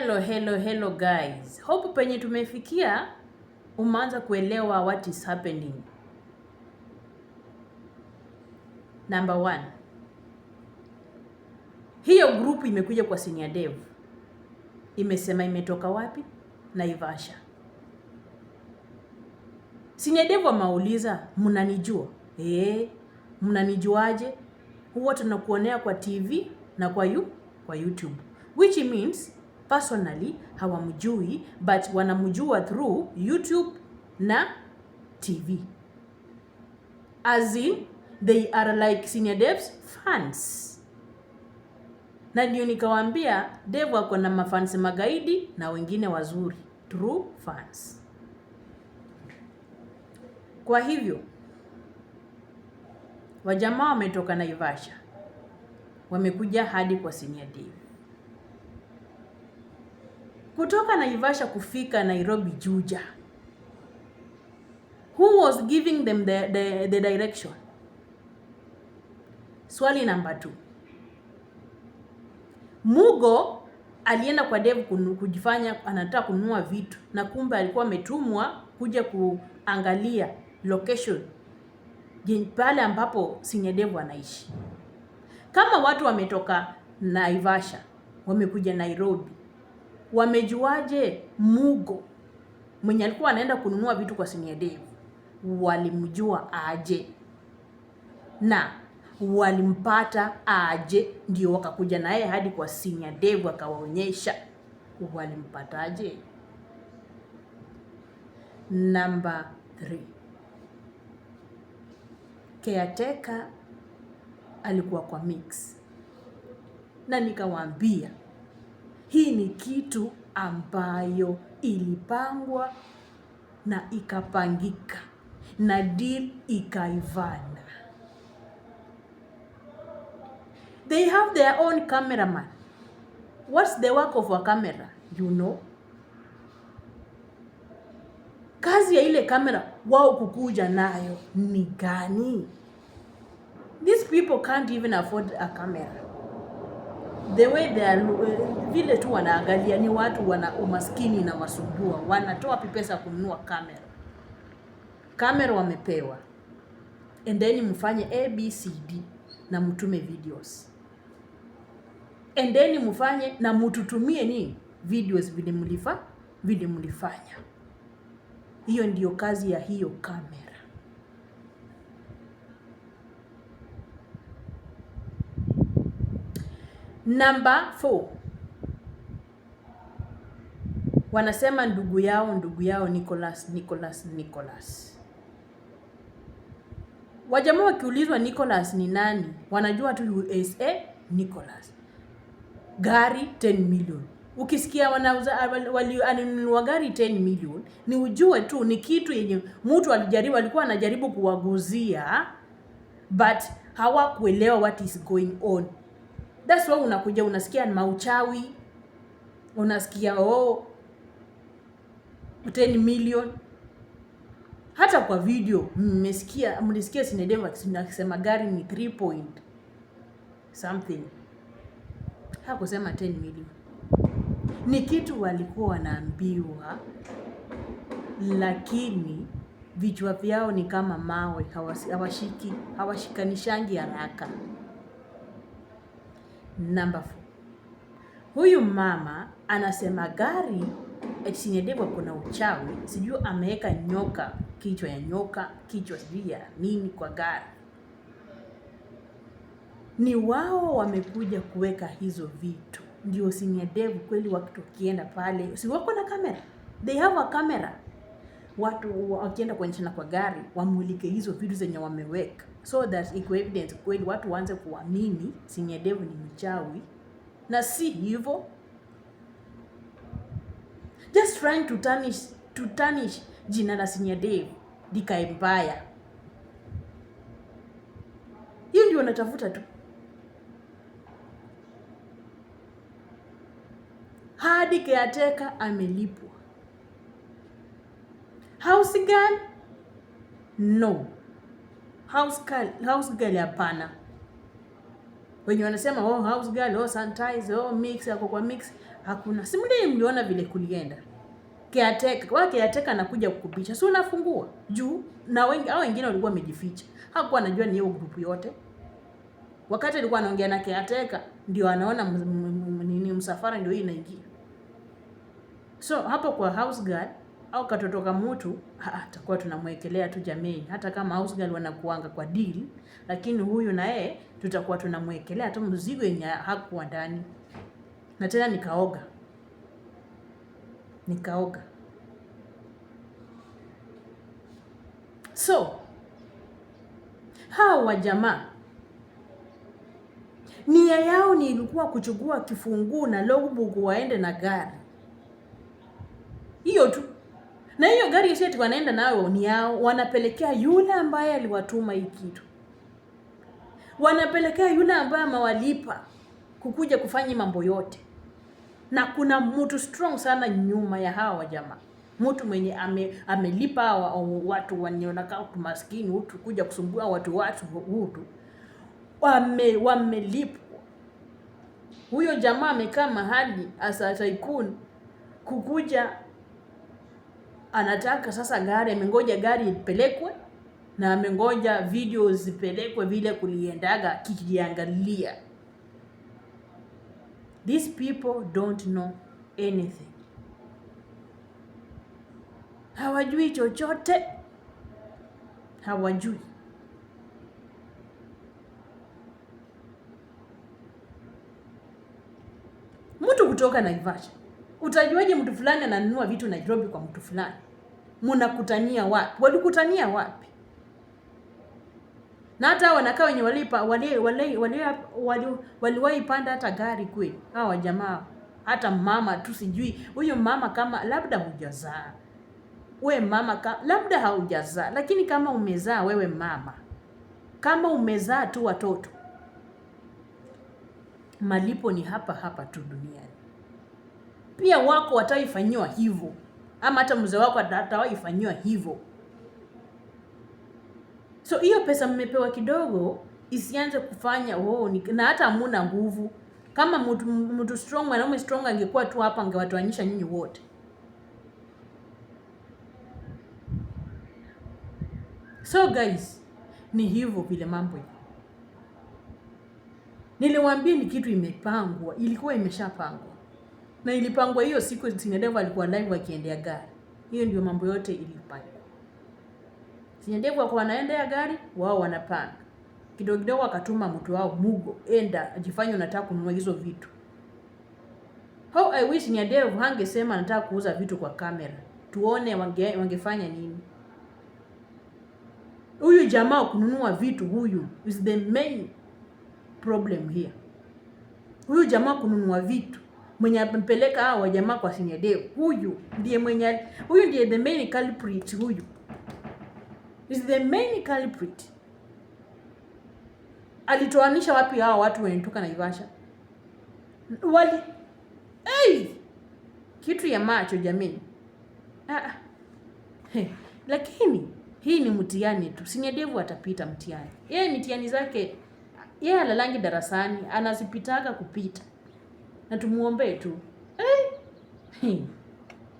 Hello, hello, hello guys. Hope penye tumefikia umeanza kuelewa what is happening. Number one. Hiyo group imekuja kwa senior dev. Imesema imetoka wapi? Naivasha. Senior dev amauliza, mnanijua? Eh, mnanijuaje? Huwa tunakuonea kwa TV na kwa you, kwa YouTube. Which means personally hawamjui but wanamjua through YouTube na TV. As in they are like Senior Dev's fans. Na ndio nikawaambia Dev ako na mafans magaidi na wengine wazuri true fans. Kwa hivyo wajamaa wametoka Naivasha wamekuja hadi kwa Senior Dev kutoka Naivasha kufika Nairobi Juja. Who was giving them the, the, the direction? Swali namba 2. Mugo alienda kwa Dev kujifanya anataka kununua vitu na kumbe alikuwa ametumwa kuja kuangalia location pale ambapo Sinyadevu anaishi. Kama watu wametoka Naivasha wamekuja Nairobi Wamejuaje Mugo mwenye alikuwa anaenda kununua vitu kwa Senior Dave? Walimjua aje na walimpata aje? Ndio wakakuja naye hadi kwa Senior Dave akawaonyesha walimpataje. Namba 3, caretaker alikuwa kwa mix, na nikawaambia hii ni kitu ambayo ilipangwa na ikapangika na deal ikaivana. They have their own cameraman. What's the work of a camera? You know? Kazi ya ile kamera wao kukuja nayo ni gani? These people can't even afford a camera the way they are eh, vile tu wanaangalia ni watu wana umaskini na wasumbua, wanatoa pesa kununua kamera. Kamera wamepewa, and then mfanye ABCD na mtume videos, and then mfanye na mtutumie ni videos vile mlifa vile mlifanya. Hiyo ndiyo kazi ya hiyo kamera. Number four. Wanasema ndugu yao ndugu yao Nicholas Nicholas Nicholas. Wajamaa wakiulizwa Nicholas ni nani, wanajua tu USA Nicholas. Gari 10 million. Ukisikia wanauza walinunua gari 10 million, ni ujue tu ni kitu yenye mtu alijaribu, alikuwa anajaribu kuwaguzia but hawakuelewa what is going on. That's why unakuja unasikia mauchawi, unasikia oh 10 million. Hata kwa video mmesikia, mlisikia Sinedema akisema gari ni 3 point something, hakusema 10 million. Ni kitu walikuwa wanaambiwa, lakini vichwa vyao ni kama mawe, hawashiki hawashikanishangi haraka. Number four. Huyu mama anasema gari etisinedebwa kuna uchawi, sijui ameweka nyoka, kichwa ya nyoka, kichwa sijui ya nini kwa gari. Ni wao wamekuja kuweka hizo vitu ndio Siniadevu kweli. Wakitokienda pale, si wako na kamera, they have a camera watu wakienda kuendeshana kwa gari wamulike hizo vitu zenye wameweka, so that iko evidence kweli, watu waanze kuamini Shinyadevu ni mchawi na si hivyo, just trying to tarnish, to tarnish jina la Shinyadevu likae mbaya. Hiyo ndio natafuta tu hadi keateka amelipwa House girl? No. House girl, house girl hapana. Wenye wanasema oh house girl, oh sanitize, oh mix, yako kwa mix, hakuna. Si Simlii mliona vile kulienda. Caretaker, kwa caretaker anakuja kukupicha. Si unafungua juu na wengi au wengine walikuwa wamejificha. Hakuwa anajua ni hiyo group yote. Wakati alikuwa anaongea na caretaker ndio anaona nini msafara ndio hii inaingia. So hapo kwa house girl au katoto ka mtu atakuwa tunamwekelea tu jamii, hata kama house girl wanakuanga kwa deal, lakini huyu na yeye tutakuwa tunamwekelea hata mzigo yenye hakuwa ndani. Na tena nikaoga, nikaoga. So hawa wajamaa nia yao ni ilikuwa kuchukua kifunguu na logbook waende na gari hiyo tu na hiyo gari isieti wanaenda nayo ni yao, wanapelekea yule ambaye aliwatuma hii kitu, wanapelekea yule ambaye amewalipa kukuja kufanya mambo yote, na kuna mtu strong sana nyuma ya hawa jamaa mtu mwenye ame, amelipa wa, watu wanaonakaa watu maskini kuja kusumbua watu watu hutu wame, wamelipwa. Huyo jamaa amekaa mahali asa tycoon kukuja anataka sasa gari, amengoja gari ipelekwe na amengoja video zipelekwe vile kuliendaga kikiangalia. These people don't know anything, hawajui chochote, hawajui mtu kutoka Naivasha Utajuaje mtu fulani ananunua vitu Nairobi kwa mtu fulani? munakutania wapi? Walikutania wapi? Na hata wanakaa wenye walipa wali wali waliwahi panda hata gari kwe hawa jamaa, hata mama tu sijui huyo mama, kama labda hujazaa we mama ka, labda haujazaa, lakini kama umezaa wewe mama, kama umezaa tu watoto, malipo ni hapa hapa tu duniani pia wako wataifanyiwa hivyo, ama hata mzee wako atawaifanyiwa hivyo. So hiyo pesa mmepewa kidogo isianze kufanya oh, ni, na hata hamuna nguvu. Kama mtu mtu strong, mwanaume strong angekuwa tu hapa angewatoanisha nyinyi wote. So guys, ni hivyo vile mambo hivyo. Niliwaambia ni kitu imepangwa, ilikuwa imeshapangwa na ilipangwa hiyo siku, Sinyadevo alikuwa live akiendea gari. Hiyo ndio mambo yote ilipangwa. Sinyadevo alikuwa ya gari, wao wanapanga kidogo kidogo, akatuma mtu wao Mugo, enda ajifanye unataka kununua hizo vitu. How I wish Sinyadevo hangesema anataka kuuza vitu kwa kamera, tuone wange, wangefanya nini. Huyu jamaa kununua vitu, huyu is the main problem here. Huyu jamaa kununua vitu mwenye amepeleka hao wajamaa kwa Sinyadev. Huyu ndiye mwenye, huyu ndiye the main culprit. Huyu is the main culprit. Alitoanisha wapi hao watu wenitoka Naivasha wali hey! kitu ya macho jamii ah. ah. Hey. Lakini hii ni mtihani tu. Sinyadevu atapita mtihani. Yeye mitihani zake yeye alalangi darasani, anazipitaga kupita na tumuombee tu eh.